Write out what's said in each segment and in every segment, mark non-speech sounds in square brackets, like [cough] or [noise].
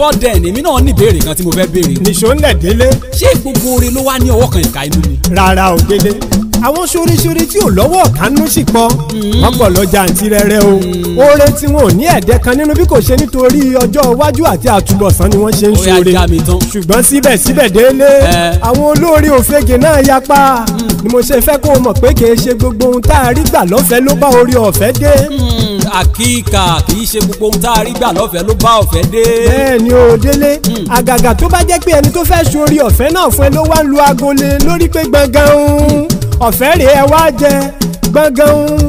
before then èmi náà ní ìbéèrè kan tí mo fẹ́ béèrè. nìṣó ń lẹ̀ délé. ṣé gbogbo oore ló wá ní ọwọ́ kan ìka inú ni. rárá o délé àwọn ṣoríṣorí tí ò lọ́wọ́ kánú sì pọ̀ hmm. wọ́n pọ̀ lọ́jà àǹtí rẹ̀rẹ̀ o hmm. oore tí wọn ò ní ẹ̀dẹ́ kan nínú bí kò ṣe nítorí ọjọ́ iwájú àti àtúbọ̀sán ni wọ́n ṣe ń ṣoore ṣùgbọ́n síbẹ̀síbẹ̀ délé eh. àwọn olóore òfegè náà yapa hmm. ni mo ṣe fẹ́ kó o mọ̀ pé kì í ṣe gbogbo ohun tá a rí gbà lọ́fẹ̀ẹ́ ló bá oore ọ̀fẹ́ dé àkíkà kì í ṣe gbogbo ohun tá a rí gbà lọ́fẹ̀ẹ́ ló bá ọ̀fẹ́ dé. bẹ́ẹ̀ni o délé hmm. àgàgà tó bá jẹ́ pé ẹni tó fẹ́ sun orí ọ̀fẹ́ náà fún ẹ ló wá ń lu agolè lórí pé gbọ̀ngàn òun hmm. ọ̀fẹ́ rèé ẹ wá jẹ gbọ̀ngàn òun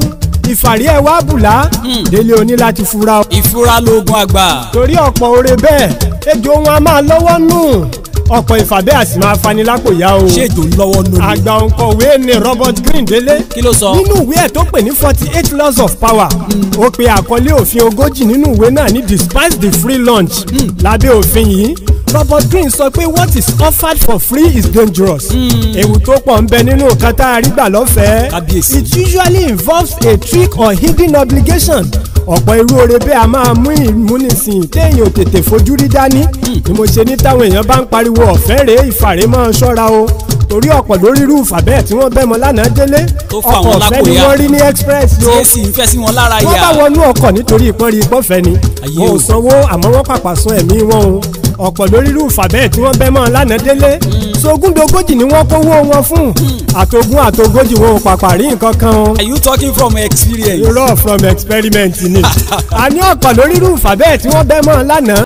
ìfàrí ẹ̀ wá bùlá hmm. délé oní láti fura. ìfura lóògùn àgbà. torí ọ̀pọ̀ oore bẹ́ẹ̀ ejò wọn a máa lọ́wọ́ nù ọkọ̀ ìfàbẹ́ àti máa fani lápò yá o. ṣé lọ́wọ́ lórí. àgbà òǹkọ̀wé ni Robert Grindele. kí ló sọ. nínú ìwé ẹ̀ tó pè ní forty eight laws of power. Hmm. ó pe àkọlé òfin ogójì nínú ìwé náà ní despise the free lunch. Hmm. lábẹ́ òfin yìí Robert Greene sọ pé what is offered for free is dangerous. Hmm. ewu tó pọ̀ ń bẹ nínú nǹkan tá a rí it usually involves a trick or hidden obligation ọ̀pọ̀ irú oore bẹ́ẹ̀ a máa mú ìmúnisìn téèyàn tètè fojú rí dání ni mo ṣe ní táwọn èèyàn bá ń pariwo ọ̀fẹ́ rèé ìfàrè máa ń ṣọ́ra o torí ọ̀pọ̀ lórí irú ìfà bẹ́ẹ̀ tí wọ́n bẹ́ mọ lánàá délé ọkọ̀ ọ̀fẹ́ ni wọ́n rí ní express yóò tí èsì ń fẹ́ sí wọn lára yà wọ́n bá wọnú ọkọ̀ nítorí ìpọ́nrí ìpọ́fẹ́ ni wọn ò sanwó àmọ́ wọ́n pàpà san ẹ̀mí wọn o ọ̀pọ̀ lórí irúfà bẹ́ẹ̀ tí wọ́n bẹ́ mọ́ lánàá délé sogúndogójì ni wọ́n kówó wọn fún àtogún àtogójì wọn ò pàpà rí nǹkan kan o. are you talking from experience. irọ́ from experiment ni. [laughs] a ní ọ̀pọ̀ lórí irúfà bẹ́ẹ̀ tí wọ́n bẹ́ lánàá.